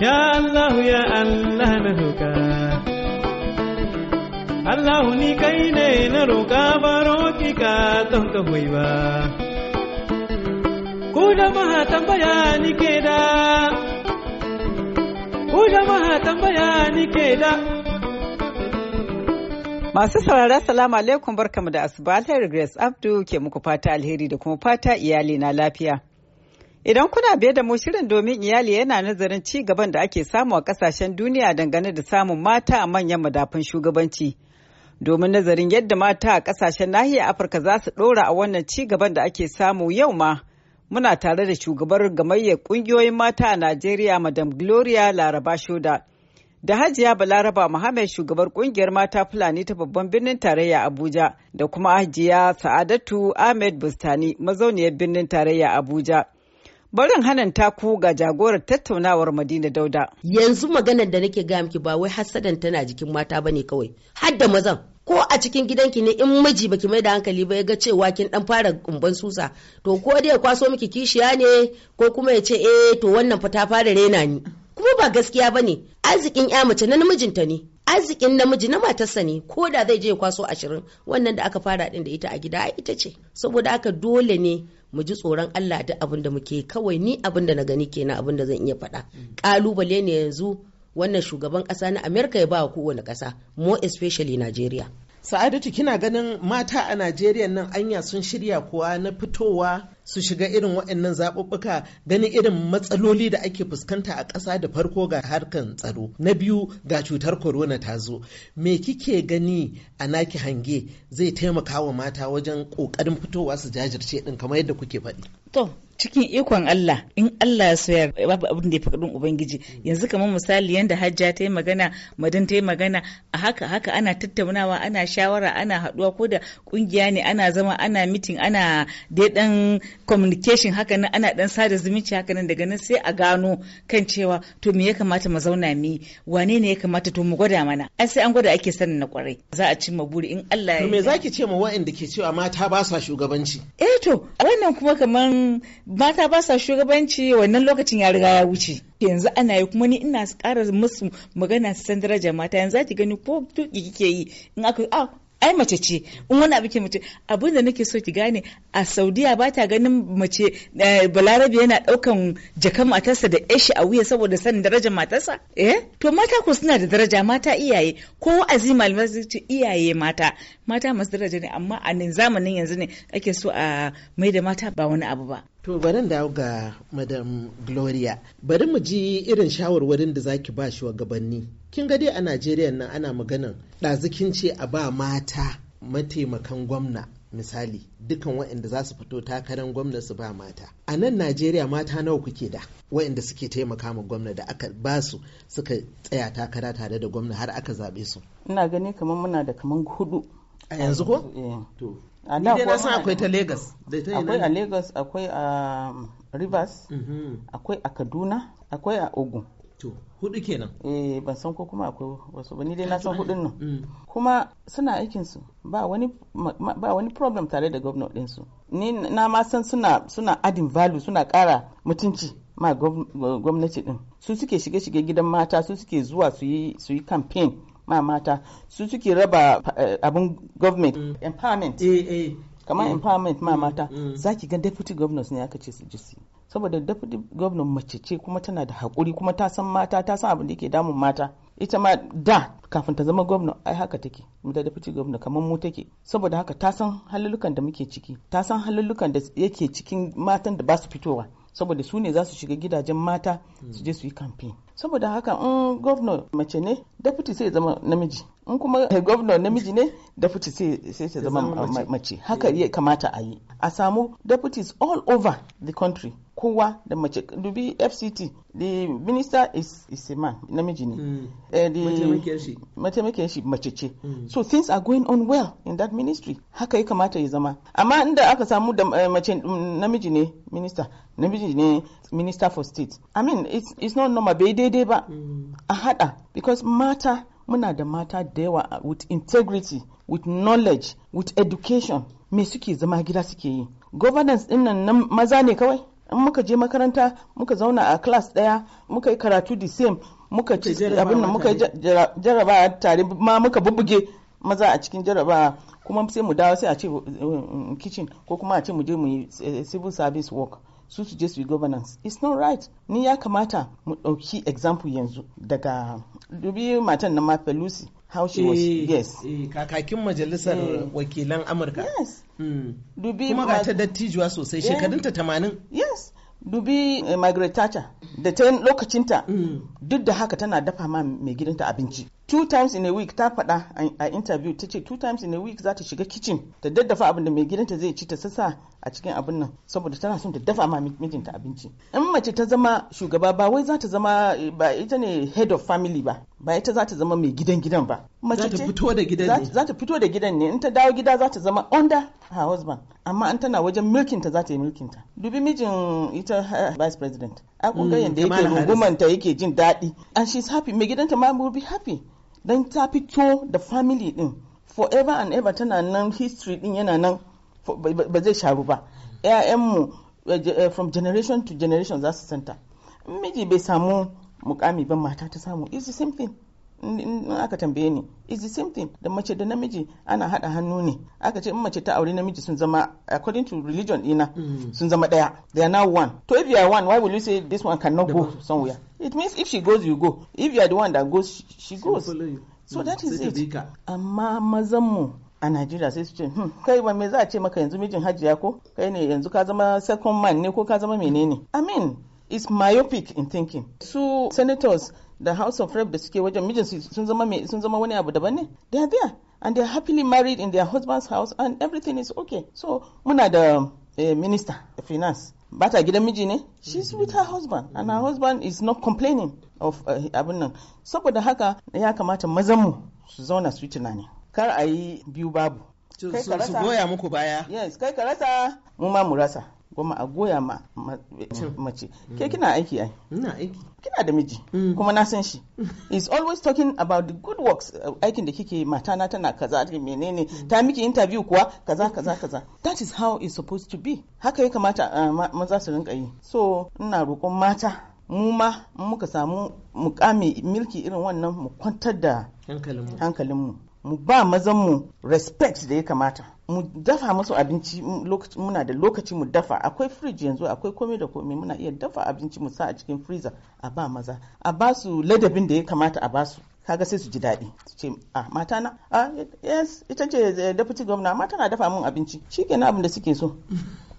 Ya Allah ya Allah na roƙa Allah ni kai ne na roƙa baro ki ka don ka ba Ku jama'a tambaya ni ke da Ku jama'a tambaya ni ke da Masu saurara salamu alaikum barkamu da asuba alheri Grace Abdu ke muku fata alheri da kuma fata iyali na lafiya. Idan kuna biye da mu shirin domin iyali yana nazarin ci gaban da ake samu a kasashen duniya dangane da samun mata a manyan madafun shugabanci. Domin nazarin yadda mata a kasashen nahiyar Afirka za su ɗora a wannan ci gaban da ake samu yau ma. Muna tare da shugabar gamayyar ƙungiyoyin mata a Najeriya Madam Gloria Laraba Shoda. Da Hajiya Balaraba Muhammad shugabar kungiyar mata Fulani ta babban birnin tarayya Abuja da kuma Hajiya Sa'adatu Ahmed Bustani mazauniyar birnin tarayya Abuja. Barin hanan taku ga jagorar tattaunawar Madina Dauda. Yanzu maganar da nake gaya miki ba wai hasadan tana jikin mata bane kawai, har da mazan. Ko a cikin gidanki ne in miji baki mai da hankali ba ya ga cewa kin dan fara kumban susa, to ko dai ya kwaso miki kishiya ne ko kuma ya ce eh to wannan fa ta fara rena ni. Kuma ba gaskiya bane, arzikin ya mace na namijinta ne. arzikin namiji na matarsa ne ko da zai je kwaso ashirin wannan da aka fara din da ita a gida ita ce saboda aka dole ne mu ji tsoron Allah da abin da muke kawai ni abin da na gani kenan abin da zan iya faɗa kalubale ne yanzu wannan shugaban ƙasa na Amerika ya ba kowane ƙasa more especially Nigeria sa'adatu kina ganin mata a najeriya nan anya sun shirya kuwa na fitowa su shiga irin waɗannan zaɓuɓɓuka ganin irin matsaloli da ake fuskanta a ƙasa da farko ga harkar tsaro na biyu ga cutar corona ta zo me kike gani a naki hange zai taimaka wa mata wajen ƙoƙarin fitowa su jajirce ɗin kamar yadda kuke faɗi to cikin ikon Allah in Allah ya soya babu abin da ya faɗin ubangiji yanzu kamar misali yanda hajja ta yi magana madan ta yi magana a haka haka ana tattaunawa ana shawara ana haɗuwa ko da ƙungiya ne ana zama ana mitin ana dai dan communication haka nan ana dan sada zumunci haka nan daga nan sai a gano kan cewa to me ya kamata mu zauna mi wane ne ya kamata to mu gwada mana ai sai an gwada ake sanin na kwarai za a cimma buri in Allah ya me zaki ce ma wa'anda ke cewa mata ba sa shugabanci eh to wannan kuma kaman mata ba sa shugabanci wannan lokacin ya riga ya wuce yanzu ana yi kuma ni ina ƙara musu magana su san darajar mata yanzu za ki gani ko tuki kike yi in aka a ah, ai mace ce in wani abu ke mace abin da nake so ki gane a saudiya ba ta ganin mace eh, balarabe yana daukan jakan matarsa da yashi a wuya saboda sanin darajar matarsa eh to mata ko suna da daraja mata iyaye ko wa'azi malamai su ce iyaye mata mata masu daraja ne amma a nan zamanin yanzu ne ake so a mai da mata ba wani abu ba To bari dawo ga Madam Gloria. Bari mu ji irin shawarwarin da zaki ba shugabanni. Kin ga dai a Najeriya nan ana maganan ɗazikin ce a ba mata mataimakan gwamna misali dukan waɗanda za su fito takarar gwamna su ba mata. A nan Najeriya mata nawa kuke da waɗanda suke taimaka ma gwamna da aka ba su suka tsaya takara tare da gwamna har aka zaɓe su. Ina gani kamar muna da kamar hudu. A yanzu ko? Eh. Ni na san akwai ta Lagos. Akwai a Lagos, akwai a Rivers, mm-hmm. akwai a Kaduna, akwai a Ogun. To, hudu kenan. Eh, ban san ko kuma akwai wasu ba ni dai na san hudun nan. Mm. Kuma suna aikin su ba wani ba wani problem tare da gwamnati din su. Ni na ma san suna suna adin value suna kara mutunci ma gwamnati din. Su suke shige-shige gidan mata, su suke zuwa su yi su yi campaign. ma mata su suke raba eh, abin government mm. empowerment eh, eh. kamar mm. empowerment ma mm. mata za ki gan deputy governors ne aka ce su ji saboda deputy governor mace ce kuma tana da haƙuri kuma ta san mata ta san abin da yake damun mata ita ma da kafin ta zama gwamna ai haka take mu da deputy gwamna kamar mu take saboda haka ta san halulukan da muke ciki ta san halulukan da yake cikin matan da ba su fitowa saboda su ne za su shiga gidajen mata hmm. su je su yi campaign saboda haka in governor mace ne deputy sai zama namiji in kuma governor namiji ne deputy sai ta zama mace haka ya kamata a yi a samu deputies all over the country kowa da mace dubi fct the minister is, is a man namiji ne hmm. eh, mataimakiyar shi mace ce hmm. so things are going on well in that ministry haka ya kamata ya zama amma inda aka samu da uh, mace mm, namiji ne minister namiji ne minister for state i mean it's, it's not normal bai daidai ba hmm. a hada because mata muna da mata da yawa uh, with integrity with knowledge with education me suke zama gida suke yi governance din nan maza ne kawai in muka je makaranta muka zauna a class daya muka yi karatu the same muka ci abin muka jaraba tare ma muka bubbuge maza a cikin jaraba kuma sai mu dawo sai a ce uh, uh, kitchen ko kuma a ce mu je mu yi eh, civil service work su su je su yi governance it's not right ni ya kamata mu ɗauki example yanzu daga dubi matan na ma Pelosi how she was eh, yes eh, kakakin majalisar wakilan amurka Hmm. dubi kuma ga ta dattijuwa sosai shekarunta tamanin yes dubi eh, margaret da ta lokacinta hmm. duk da haka tana dafa ma mai gidanta abinci two times in a week ta faɗa a interview ta ce two times in a week za ta shiga kitchen ta daddafa abin da mai gidanta zai ci ta sassa a cikin abin nan saboda tana son ta dafa ma mijinta abinci in mace ta zama shugaba ba wai za ta zama ba ita ne head of family ba ba ita za ta zama mai gidan gidan ba mace za ta fito da gidan ne za ta fito da gidan ne in ta dawo gida za ta zama under her husband amma an tana wajen milkin ta za ta yi milkin ta dubi mijin ita eh, vice president a ah, kun da mm, yanda yake rungumanta yake jin daɗi and she's happy mai gidanta ma will be happy don ta fito da family din forever and ever tana nan history din yana nan ba zai sharu ba mu eh, eh, from generation to generation za su santa miji bai samu mukami ba mata ta samu is the same thing in aka tambaye ni is the same thing da mace da namiji ana hada hannu ne aka ce in mace ta aure namiji sun zama according to religion dina mm. sun zama daya they are now one to if you are one why will you say this one cannot go somewhere it means if she goes you go if you are the one that goes she goes so mm. that is it amma mazan mu a Najeriya sai su ce hmm, kai ba me za a ce maka yanzu mijin hajiya ko kai ne yanzu ka zama second man ne ko ka zama menene I mean it's myopic in thinking su senators da house of rep da suke wajen mijin sun zama sun zama wani abu daban ne they are there and they are happily married in their husband's house and everything is okay so muna da eh, minister finance bata gidan miji ne she's with her husband and her mm. husband is not complaining of uh, abin nan saboda haka ya kamata mazan mu su zauna su tunani kar a yi biyu babu su goya muku baya yes kai ka rasa mu ma mu rasa kuma a goya ma mm. mace mm. ke kina aiki ai ina aiki kina da miji mm. kuma na san shi is always talking about the good works uh, aikin da kike mata na tana kaza menene ta miki interview kuwa kaza kaza kaza that is how it supposed to be haka ya kamata uh, maza su rinka yi so ina roƙon mata mu ma muka samu mukami milki irin wannan mu kwantar da hankalinmu mu ba mazan mu respect da ya kamata mu dafa musu abinci muna da lokaci mu dafa akwai fridge yanzu akwai komai da komai muna iya dafa abinci mu sa a cikin freezer a ba maza a ba su ladabin da ya kamata a ba su kaga sai su ji daɗi su ce a ah, mata na a ah, yes ita ce eh, deputy governor mata na dafa mun abinci shikenan abin da suke so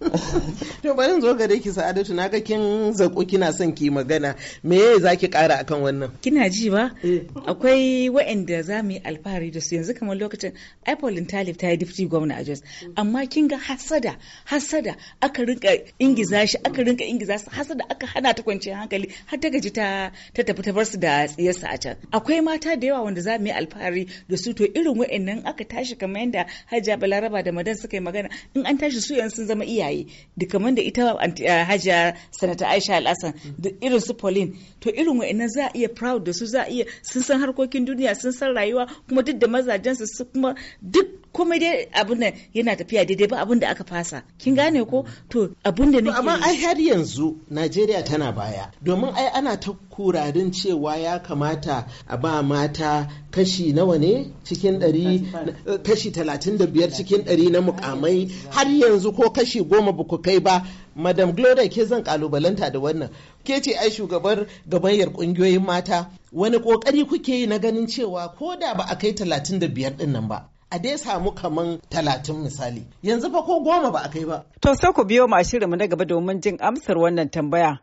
to bari zo gare ki sa'adatu na ga kin zako kina son ki magana me za ki kara akan wannan kina ji ba eh. akwai waɗanda za mu yi alfahari da su yanzu kamar lokacin apple talib ta yi difti gwamna a jos amma kin ga hasada hasada aka rinka ingiza shi aka rinka ingiza su hasada aka hana ta kwanciyar hankali har ta gaji ta tafi ta bar su da tsiyarsa a can akwai mata da yawa wanda za mu yi alfahari da su to irin waɗannan aka tashi kamar yadda hajja balaraba da madan suka yi magana in an tashi su yanzu sun zama iyaye yi duk kamar da ita ah, hajiya sanata aisha al'asan da irin su pauline to irin wa'annan za a iya proud da su za a iya sun san harkokin duniya sun san rayuwa kuma duk da mazajensu su kuma duk Kuma dai abin da yana tafiya daidai ba abin da aka fasa kin gane ko to abin da nake amma ai har yanzu Najeriya tana baya domin ai ana ta kuradin cewa ya kamata a ba mata kashi nawa ne cikin ɗari kashi talatin da biyar cikin ɗari na mukamai har yanzu ko kashi goma ba ku kai ba madam gloria ke zan kalubalanta da wannan ke ce ai shugabar gabayar ƙungiyoyin mata wani ƙoƙari kuke yi na ganin cewa ko da ba a kai talatin da biyar ɗin ba a dai samu kaman talatin misali yanzu fa ko goma ba a kai ba. To sai ku biyo ma mu na gaba domin jin amsar wannan tambaya.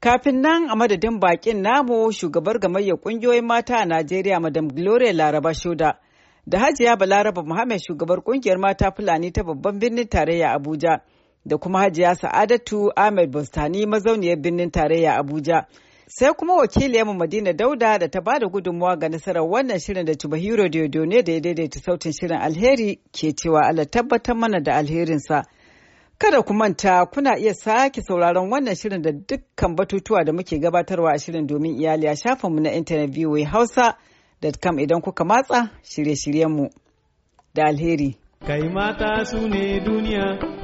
Kafin nan a madadin bakin namu shugabar gamayyar kungiyoyin mata a Najeriya Madam Gloria Laraba Shoda da Hajiya Balaraba Muhammad shugabar kungiyar mata Fulani ta babban birnin tarayya Abuja da kuma Hajiya Sa'adatu Ahmed Bustani mazauniyar birnin tarayya Abuja. Sai kuma wakiliyarmu Madina Dauda da ta bada gudunmawa ga nasarar wannan shirin da ya Diodone da ya daidaita sautin shirin alheri ke cewa Allah tabbatar mana da alherinsa. Kada ku manta kuna iya sake sauraron wannan shirin da dukkan batutuwa da muke gabatarwa a shirin domin iyali a shafinmu na intanet da kam idan kuka matsa shirye-shiryenmu da alheri. Kai mata su ne duniya